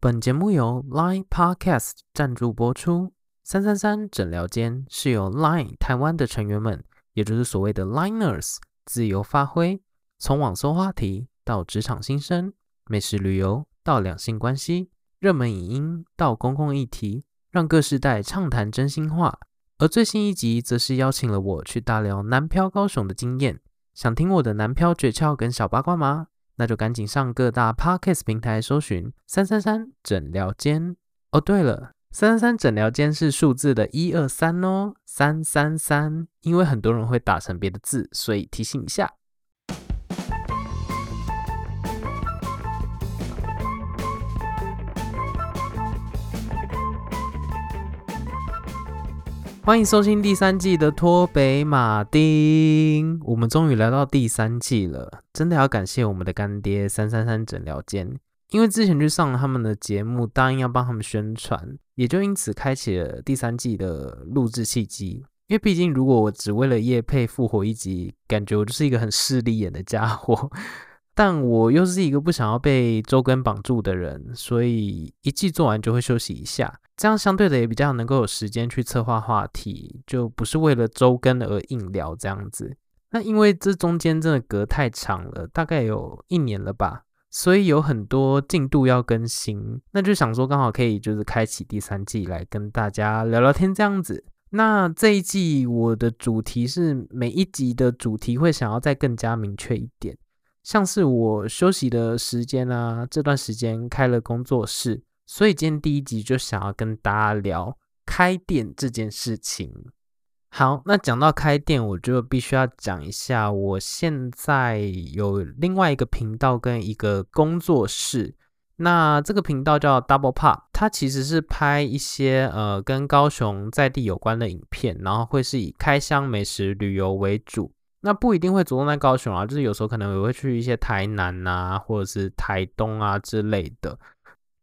本節目由 Line Podcast 贊助播出。三三三枕聊間是由 Line 台灣的成員們，也就是所謂的 Liners 自由發揮，從網搜話題到職場心聲，美食旅遊到兩性關係，熱門影音到公共議題，讓各世代暢談真心話。而最新一集則是邀請了我去大聊南漂高雄的經驗，想聽我的南漂訣竅跟小八卦嗎？那就趕緊上各大 podcast 平台搜尋三三三枕聊間哦。對了，三三三枕聊間是數字的一二三哦，三三三。因為很多人會打成別的字，所以提醒一下。歡迎收聽第三季的托北馬丁，我們終於來到第三季了，真的要感謝我們的乾爹333枕聊間，因為之前去上了他們的節目，答應要幫他們宣傳，也就因此開啟了第三季的錄製契機。因為畢竟如果我只為了業配復活一集，感覺我就是一個很勢利眼的家伙，但我又是一個不想要被周更綁住的人，所以一季做完就會休息一下。這樣相對的也比較能夠有時間去策劃話題，就不是為了周更而硬聊這樣子。那因為這中間真的隔太長了，大概有一年了吧，所以有很多進度要更新。那就想說剛好可以就是開啟第三季來跟大家聊聊天這樣子。那這一季我的主題是每一集的主題會想要再更加明確一點，像是我休息的時間啊，這段時間開了工作室。所以今天第一集就想要跟大家聊開店這件事情。好，那講到開店，我就必須要講一下，我現在有另外一個頻道跟一個工作室。那這個頻道叫 Double Pop，它其實是拍一些呃跟高雄在地有關的影片，然後會是以開箱美食旅遊為主。那不一定會着重在高雄啊，就是有時候可能也會去一些台南啊，或者是台東啊之類的。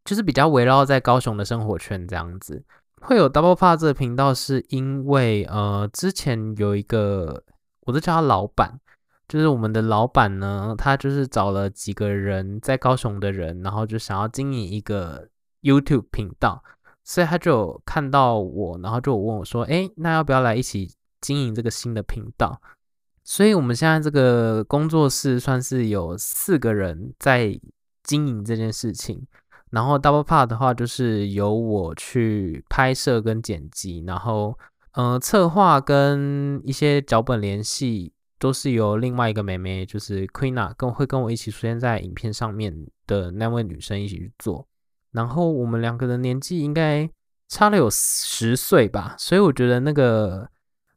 就是比較圍繞在高雄的生活圈這樣子，會有 Double Park 這個頻道，是因為呃，之前有一個，我都叫他老板，就是我們的老板呢，他就是找了幾個人在高雄的人，然後就想要經營一個 YouTube 頻道，所以他就有看到我，然後就問我說：“誒，那要不要來一起經營這個新的頻道？”所以我們現在這個工作室算是有四個人在經營這件事情。然後 double part 的話，就是由我去拍攝跟剪輯，然後嗯、呃，策劃跟一些腳本聯繫都是由另外一個妹妹，就是 Queena，跟會跟我一起出現在影片上面的那位女生一起去做。然後我們兩個人年紀應該差了有十歲吧，所以我覺得那個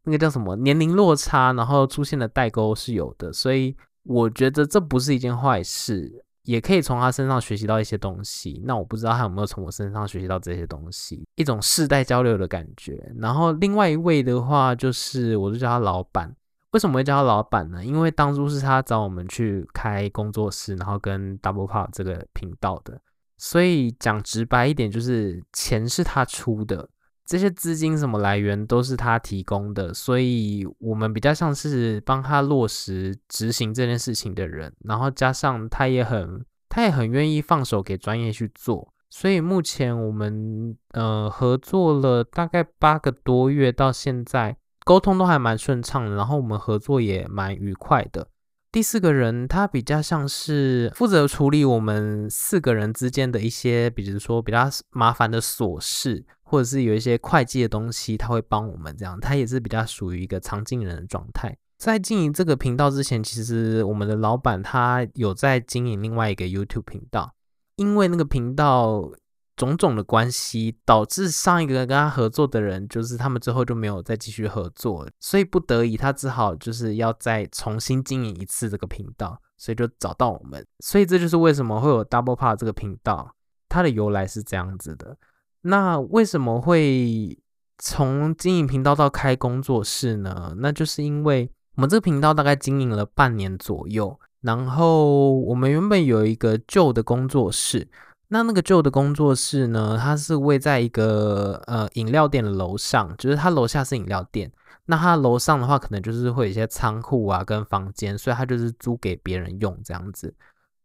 那個叫什麼年齡落差，然後出現的代溝是有的，所以我覺得這不是一件壞事。也可以從他身上學習到一些東西，那我不知道他有沒有從我身上學習到這些東西，一種世代交流的感覺。然後另外一位的話，就是我就叫他老闆。為什麼我會叫他老闆呢？因為當初是他找我們去開工作室，然後跟 Double Pop 這個頻道的，所以講直白一點，就是錢是他出的。這些資金什麼來源都是他提供的，所以我們比較像是幫他落實執行這件事情的人。然後加上他也很他也很願意放手給專業去做，所以目前我們呃合作了大概八個多月，到現在溝通都還蠻順暢，然後我們合作也蠻愉快的。第四個人他比較像是負責處理我們四個人之間的一些，比如說比較麻煩的瑣事。或者是有一些會計的東西，他會幫我們這樣，他也是比較屬於一個藏鏡人的狀態。在經營這個頻道之前，其實我們的老闆他有在經營另外一個 YouTube 頻道，因為那個頻道種種的關係，導致上一個跟他合作的人，就是他們之後就沒有再繼續合作，所以不得已他只好就是要再重新經營一次這個頻道，所以就找到我們，所以這就是為什麼會有 Double Part 這個頻道，它的由來是這樣子的。那為什麼會從經營頻道到開工作室呢？那就是因為我們這個頻道大概經營了半年左右，然後我們原本有一個舊的工作室，那那個舊的工作室呢，它是位在一個呃飲料店的樓上，就是它樓下是飲料店，那它樓上的話可能就是會有一些倉庫啊跟房間，所以它就是租給別人用這樣子。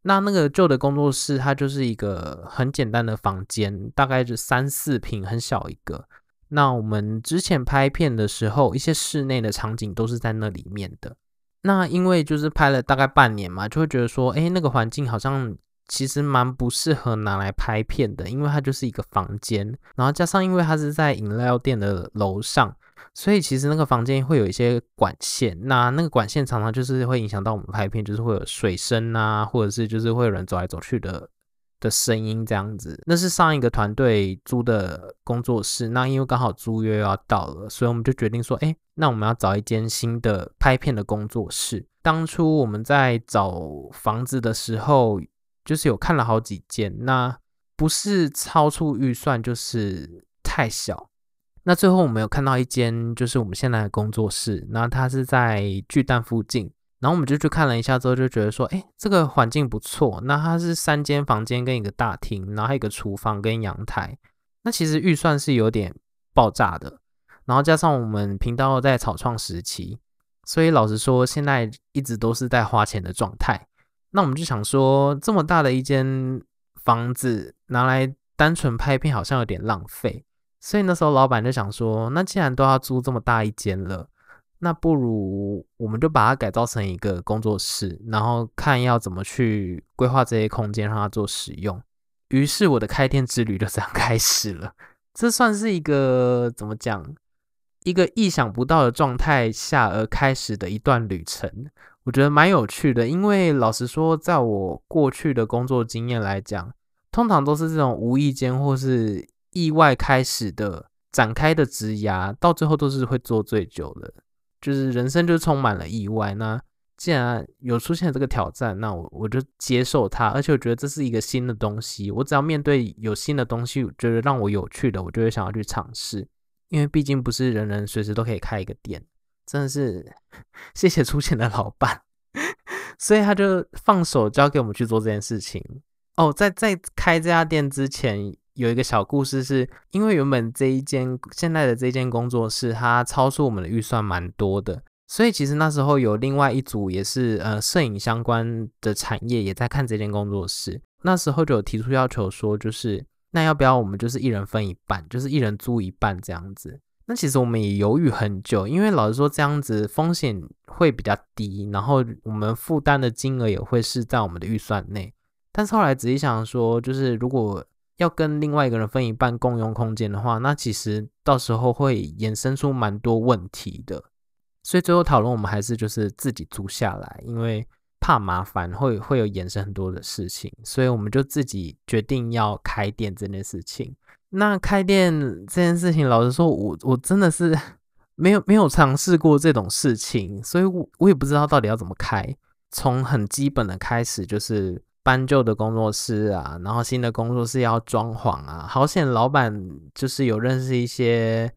那那個舊的工作室，它就是一個很簡單的房間，大概就三四平，很小一個。那我們之前拍片的時候，一些室內的場景都是在那裡面的。那因為就是拍了大概半年嘛，就會覺得說，欸，那個環境好像其實蠻不適合拿來拍片的，因為它就是一個房間，然後加上因為它是在飲料店的樓上。所以其實那個房間會有一些管線，那那個管線常常就是會影響到我們拍片，就是會有水聲啊，或者是就是會有人走來走去的的聲音這樣子。那是上一個團隊租的工作室，那因為剛好租約要到了，所以我們就決定說，哎，那我們要找一間新的拍片的工作室。當初我們在找房子的時候，就是有看了好幾間，那不是超出預算，就是太小。那最後我們有看到一間，就是我們現在的工作室，那它是在巨蛋附近，然後我們就去看了一下之後，就覺得說，哎、欸，這個環境不錯。那它是三間房間跟一個大廳，然後還有一個廚房跟陽台。那其實預算是有點爆炸的，然後加上我們頻道在草創時期，所以老實說，現在一直都是在花錢的狀態。那我們就想說，這麼大的一間房子拿來單純拍片，好像有點浪費。所以那時候老闆就想說，那既然都要租這麼大一間了，那不如我們就把它改造成一個工作室，然後看要怎麼去規劃這些空間讓它做使用。於是我的開店之旅就這樣開始了。這算是一個怎麼講？一個意想不到的狀態下而開始的一段旅程，我覺得蠻有趣的。因為老實說，在我過去的工作經驗來講，通常都是這種無意間或是意外開始的展開的職涯，到最後都是會做最久的，就是人生就充滿了意外。那既然有出現這個挑戰，那我我就接受它，而且我覺得這是一個新的東西。我只要面對有新的東西，我覺得讓我有趣的，我就會想要去嘗試。因為畢竟不是人人隨時都可以開一個店，真的是謝謝出錢的老板，所以他就放手交給我們去做這件事情。哦，在在開這家店之前。有一個小故事，是因為原本這一間現在的這間工作室，它超出我們的預算蠻多的，所以其實那時候有另外一組也是呃攝影相關的產業也在看這間工作室，那時候就有提出要求說，就是那要不要我們就是一人分一半，就是一人租一半這樣子？那其實我們也猶豫很久，因為老實說這樣子風險會比較低，然後我們負擔的金額也會是在我們的預算內，但是後來仔細想說，就是如果要跟另外一個人分一半共用空間的話，那其實到時候會衍生出蠻多問題的。所以最後討論，我們還是就是自己租下來，因為怕麻煩，會會有衍生很多的事情。所以我們就自己決定要開店這件事情。那開店這件事情，老實說我，我我真的是沒有沒有嘗試過這種事情，所以我我也不知道到底要怎麼開。從很基本的開始，就是。搬舊的工作室啊，然後新的工作室要裝潢啊，好險老板就是有認識一些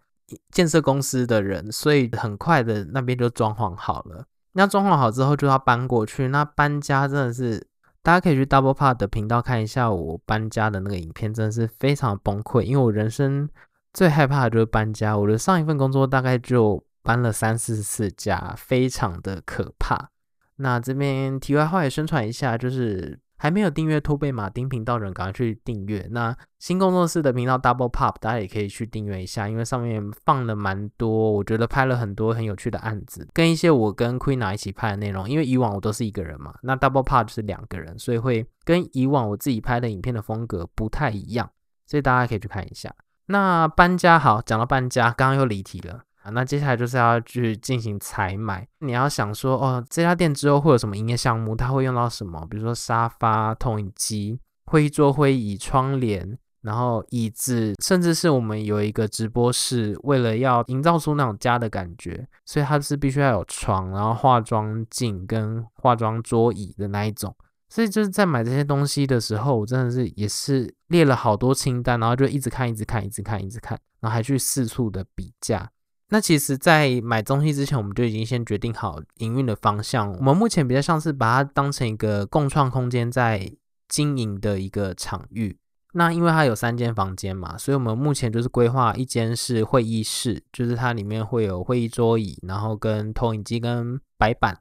建設公司的人，所以很快的那邊就裝潢好了。那裝潢好之後就要搬過去，那搬家真的是大家可以去 Double Park 的頻道看一下我搬家的那個影片，真的是非常崩潰，因為我人生最害怕的就是搬家。我的上一份工作大概就搬了三四次家，非常的可怕。那這邊題外話也宣傳一下，就是。還沒有訂閱兔貝馬丁頻道的人，趕快去訂閱。那新工作室的頻道 Double Pop，大家也可以去訂閱一下，因為上面放了蠻多，我覺得拍了很多很有趣的案子，跟一些我跟 Queena 啊一起拍的內容。因為以往我都是一個人嘛，那 Double Pop 就是兩個人，所以會跟以往我自己拍的影片的風格不太一樣，所以大家可以去看一下。那搬家好，講到搬家，剛剛又離題了。啊、那接下來就是要去進行採買。你要想說，哦，這家店之後會有什麼營業項目？它會用到什麼？比如說沙發、投影機、會議桌、會議椅、窗簾，然後椅子，甚至是我們有一個直播室，為了要營造出那種家的感覺，所以它是必須要有床，然後化妝鏡跟化妝桌椅的那一種。所以就是在買這些東西的時候，我真的是也是列了好多清單，然後就一直看，一直看，一直看，一直看，一直看，然後還去四處的比價。那其實，在買東西之前，我們就已經先決定好營運的方向。我們目前，比較像是把它當成一個共創空間，在經營的一個場域。那因為它有三間房間嘛，所以我們目前就是規劃一間是會議室，就是它裡面會有會議桌椅，然後跟投影機跟白板。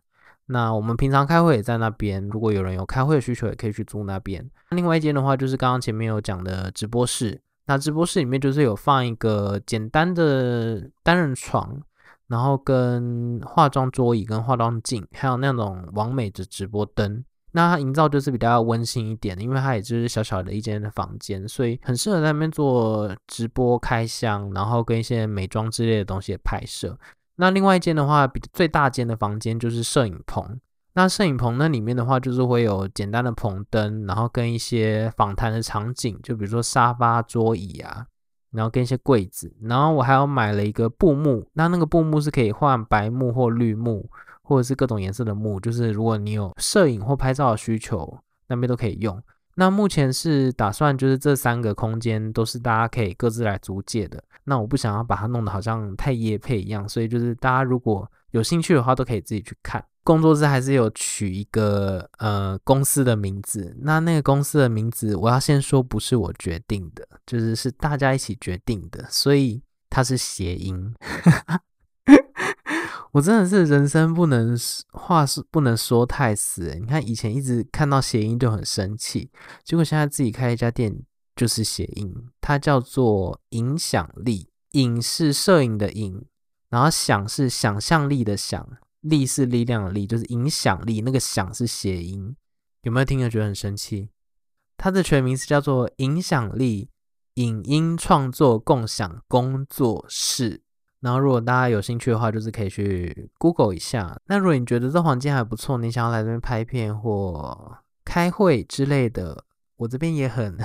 那我們平常開會也在那邊，如果有人有開會的需求，也可以去租那邊。那另外一間的話，就是剛剛前面有講的直播室。那直播室裡面就是有放一個簡單的單人床，然後跟化妝桌椅、跟化妝鏡，還有那種網美的直播燈。那它營造就是比較溫馨一點，因為它也就是小小的一間的房間，所以很適合在那邊做直播開箱，然後跟一些美妝之類的東西拍攝。那另外一間的話，比最大間的房間就是攝影棚。那攝影棚那裡面的話，就是會有簡單的棚燈，然後跟一些訪談的場景，就比如說沙發、桌椅啊，然後跟一些櫃子，然後我還有買了一個布幕，那那個布幕是可以換白幕或綠幕，或者是各種顏色的幕，就是如果你有攝影或拍照的需求，那邊都可以用。那目前是打算就是這三個空間都是大家可以各自來租借的。那我不想要把它弄得好像太業配一樣，所以就是大家如果有興趣的話，都可以自己去看。工作室還是有取一個呃公司的名字，那那個公司的名字我要先說不是我決定的，就是是大家一起決定的，所以它是諧音。 我真的是人生不能話是不能說太死，欸，你看以前一直看到諧音就很生氣，結果現在自己開一家店就是諧音，它叫做影響力，影是攝影的影，然後想是想象力的想，力是力量的力，就是影響力。那個響是諧音，有沒有聽着覺得很生氣？它的全名是叫做“影響力影音創作共享工作室”。然後，如果大家有興趣的話，就是可以去 Google 一下。那如果你覺得這環境還不錯，你想要來這邊拍片或開會之類的，我這邊也很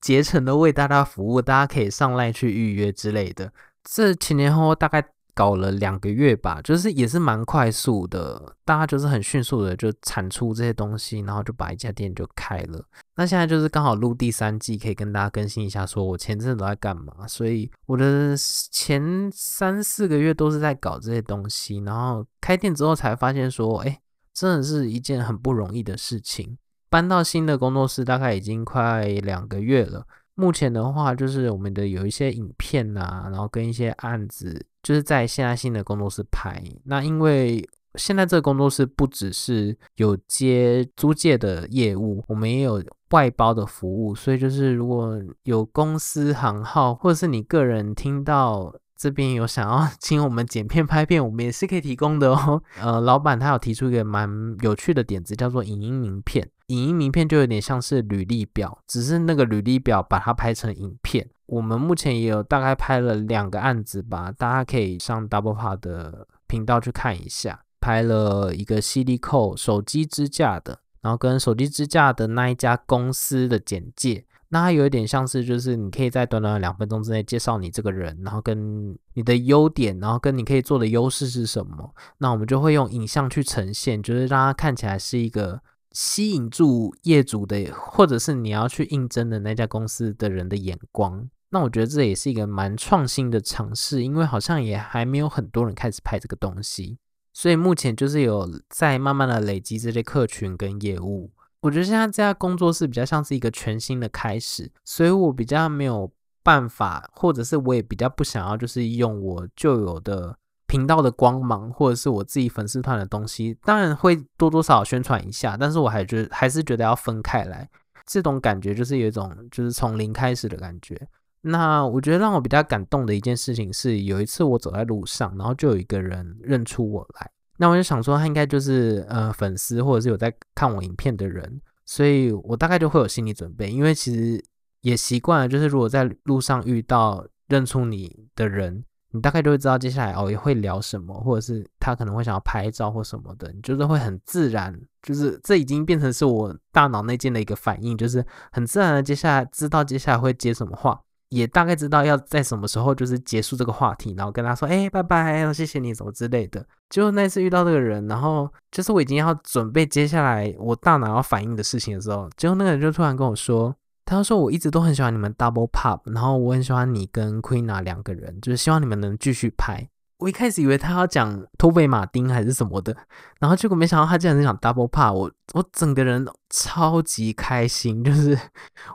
竭 誠的為大家服務。大家可以上來去預約之類的。這前前後後大概。搞了兩個月吧，就是也是蠻快速的，大家就是很迅速的就產出這些東西，然後就把一家店就開了。那現在就是剛好錄第三季，可以跟大家更新一下，說我前陣子都在幹嘛。所以我的前三四個月都是在搞這些東西，然後開店之後才發現說，哎、欸，真的是一件很不容易的事情。搬到新的工作室大概已經快兩個月了。目前的話，就是我們的有一些影片呐、啊，然後跟一些案子，就是在現在新的工作室拍。那因為現在這個工作室不只是有接租借的業務，我們也有外包的服務，所以就是如果有公司行號或者是你個人聽到。這邊有想要請我們剪片、拍片，我們也是可以提供的哦。呃，老闆他有提出一個蠻有趣的點子，叫做影音名片。影音名片就有點像是履歷表，只是那個履歷表把它拍成影片。我們目前也有大概拍了兩個案子吧，大家可以上 DoubleP 的頻道去看一下。拍了一個 CD Co 手機支架的，然後跟手機支架的那一家公司的簡介。那它有一點像是，就是你可以在短短兩分鐘之內介紹你這個人，然後跟你的優點，然後跟你可以做的優勢是什麼。那我們就會用影像去呈現，就是讓他看起來是一個吸引住業主的，或者是你要去應徵的那家公司的人的眼光。那我覺得這也是一個蠻創新的嘗試，因為好像也還沒有很多人開始拍這個東西，所以目前就是有在慢慢的累積這些客群跟業務。我覺得現在這家工作室比較像是一個全新的開始，所以我比較沒有辦法，或者是我也比較不想要，就是用我舊有的頻道的光芒，或者是我自己粉絲團的東西，當然會多多少少宣傳一下，但是我還覺得還是覺得要分開來，這種感覺就是有一種就是從零開始的感覺。那我覺得讓我比較感動的一件事情是，有一次我走在路上，然後就有一個人認出我來。那我就想說，他應該就是呃粉絲或者是有在看我影片的人，所以我大概就會有心理準備，因為其實也習慣了，就是如果在路上遇到認出你的人，你大概就會知道接下來哦也會聊什麼，或者是他可能會想要拍照或什麼的，你就是會很自然，就是這已經變成是我大腦內建的一個反應，就是很自然的接下來知道接下來會接什麼話。也大概知道要在什麼時候就是結束這個話題，然後跟他說，哎、欸，拜拜，要謝謝你什麼之類的。結果那次遇到這個人，然後就是我已經要準備接下來我大腦要反應的事情的時候，結果那個人就突然跟我說，他說我一直都很喜歡你們 Double Pop，然後我很喜歡你跟 Queenna 兩個人，就是希望你們能繼續拍。我一開始以為他要講托比馬丁還是什麼的，然後結果沒想到他竟然在講 Double Pass，我我整個人超級開心，就是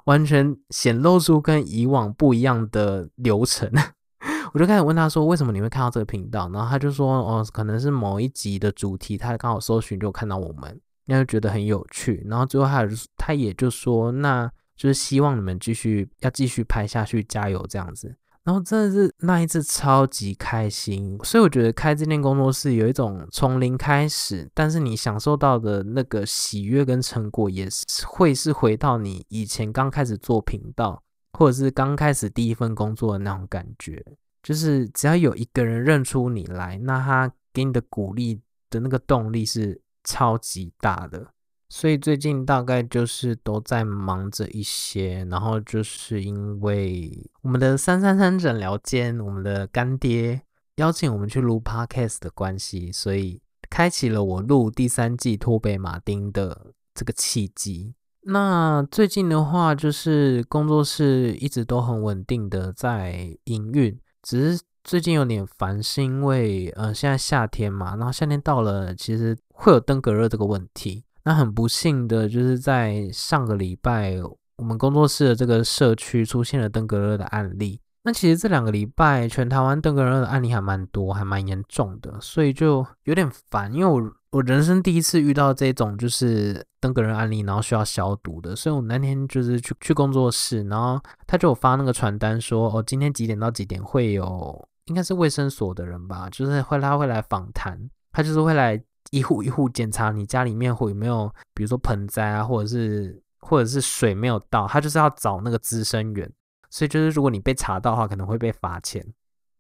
完全顯露出跟以往不一樣的流程。 我就開始問他說：“為什麼你會看到這個頻道？”然後他就說：“哦，可能是某一集的主題，他剛好搜尋就看到我們，然後就覺得很有趣。”然後最後他他也就說：“那就是希望你們繼續，要繼續拍下去，加油這樣子。”然後真的是那一次超級開心，所以我覺得開這間工作室有一種從零開始，但是你享受到的那個喜悅跟成果，也是會是回到你以前剛開始做頻道，或者是剛開始第一份工作的那種感覺。就是只要有一個人認出你來，那他給你的鼓勵的那個動力是超級大的。所以最近大概就是都在忙着一些，然後就是因為我們的333枕聊間，我們的乾爹邀請我們去錄 podcast 的關係，所以開啟了我錄第三季托北馬丁的這個契機。那最近的話，就是工作室一直都很穩定的在營運，只是最近有點煩，是因為呃現在夏天嘛，然後夏天到了，其實會有登革熱這個問題。那很不幸的就是在上個禮拜，我們工作室的這個社區出現了登革熱的案例。那其實這兩個禮拜，全台灣登革熱的案例還蠻多，還蠻嚴重的，所以就有點煩。因為我我人生第一次遇到這種就是登革熱案例，然後需要消毒的，所以我那天就是去去工作室，然後他就有發那個傳單說哦，今天幾點到幾點會有，應該是衛生所的人吧，就是會他會來訪談，他就是會來。一戶一戶檢查你家裡面有沒有，比如說盆栽啊，或者是或者是水沒有倒，他就是要找那個滋生源。所以就是如果你被查到的話，可能會被罰錢。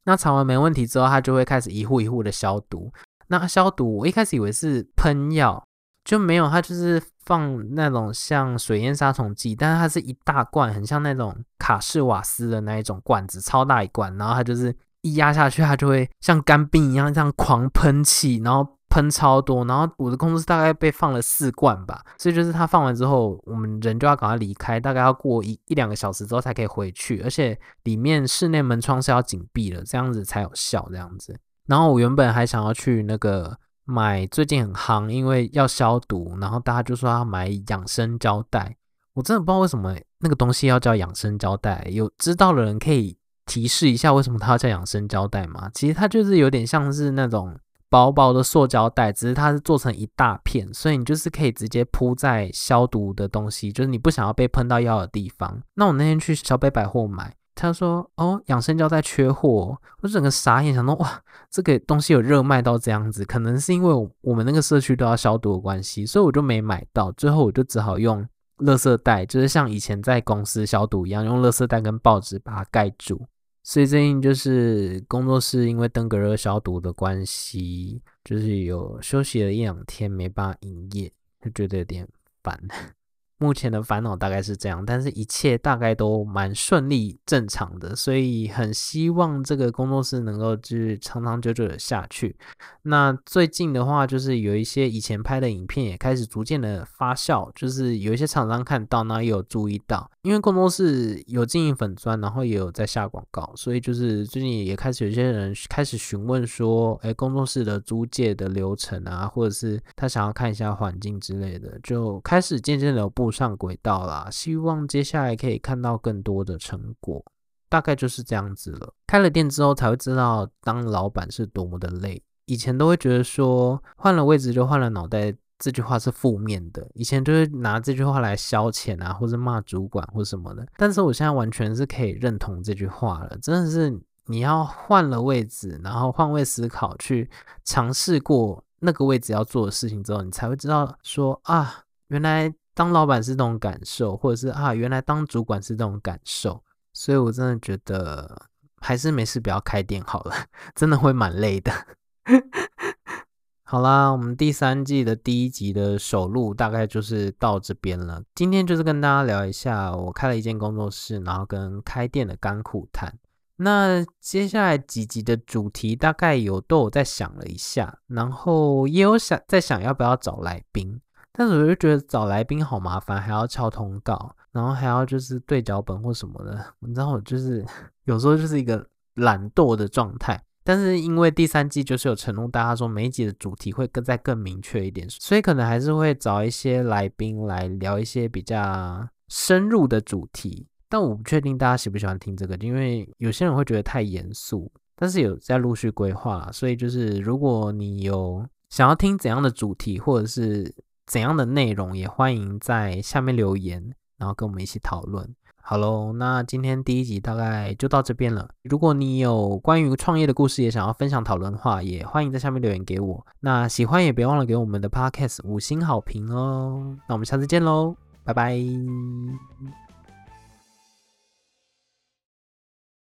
那查完沒問題之後，他就會開始一戶一戶的消毒。那消毒我一開始以為是噴藥，就沒有，他就是放那種像水煙殺蟲劑，但是它是一大罐，很像那種卡式瓦斯的那一種罐子，超大一罐，然後它就是一壓下去，它就會像乾冰一樣這樣狂噴氣，然後。噴超多，然後我的工作室大概被放了四罐吧，所以就是他放完之後，我們人就要趕快離開，大概要過一一兩個小時之後才可以回去，而且裡面室內門窗是要緊閉的，這樣子才有效。這樣子，然後我原本還想要去那個買最近很夯，因為要消毒，然後大家就說要買養生膠帶，我真的不知道為什麼那個東西要叫養生膠帶，有知道的人可以提示一下為什麼它要叫養生膠帶嗎？其實它就是有點像是那種。薄薄的塑膠袋，只是它是做成一大片，所以你就是可以直接鋪在消毒的東西，就是你不想要被噴到藥的地方。那我那天去小北百貨買，他說哦，養生膠帶缺貨，哦，我整個傻眼想說，想到哇，這個東西有熱賣到這樣子，可能是因為我們那個社區都要消毒的關係，所以我就沒買到，最後我就只好用垃圾袋，就是像以前在公司消毒一樣，用垃圾袋跟報紙把它蓋住。所以最近就是工作室，因為登革熱消毒的關係，就是有休息了一兩天，沒辦法營業，就覺得有點煩。目前的煩惱大概是這樣，但是一切大概都蠻順利正常的，所以很希望這個工作室能夠就是長長久久的下去。那最近的話，就是有一些以前拍的影片也開始逐漸的發酵，就是有一些廠商看到呢，也有注意到，因為工作室有經營粉專，然後也有在下廣告，所以就是最近也開始有一些人開始詢問說，哎、欸，工作室的租借的流程啊，或者是他想要看一下環境之類的，就開始漸漸的不。上軌道啦，希望接下來可以看到更多的成果。大概就是這樣子了。開了店之後才會知道當老闆是多麼的累。以前都會覺得說換了位置就換了腦袋，這句話是負面的。以前就是拿這句話來消遣啊，或者是罵主管或什麼的。但是我現在完全是可以認同這句話了。真的是你要換了位置，然後換位思考，去嘗試過那個位置要做的事情之後，你才會知道說啊，原來，當老闆是這種感受，或者是啊，原來當主管是這種感受，所以我真的覺得還是沒事，不要開店好了，真的會蠻累的。 好啦，我們第三季的第一集的首錄大概就是到這邊了。今天就是跟大家聊一下，我開了一間工作室，然後跟開店的甘苦談。那接下來幾集的主題大概有都有在想了一下，然後也有想在想要不要找來賓。但是我就覺得找來賓好麻煩，還要敲通告，然後還要就是對腳本或什麼的。你知道，我就是有時候就是一個懶惰的狀態。但是因為第三季就是有承諾，大家說每一集的主題會更再更明確一點，所以可能還是會找一些來賓來聊一些比較深入的主題。但我不確定大家喜不喜歡聽這個，因為有些人會覺得太嚴肅。但是有在陸續規劃啦，所以就是如果你有想要聽怎樣的主題，或者是。怎樣的內容也歡迎在下面留言，然後跟我們一起討論。好嘍，那今天第一集大概就到這邊了。如果你有關於創業的故事也想要分享討論的話，也歡迎在下面留言給我。那喜歡也別忘了給我們的 podcast 五星好評哦。那我們下次見嘍，拜拜。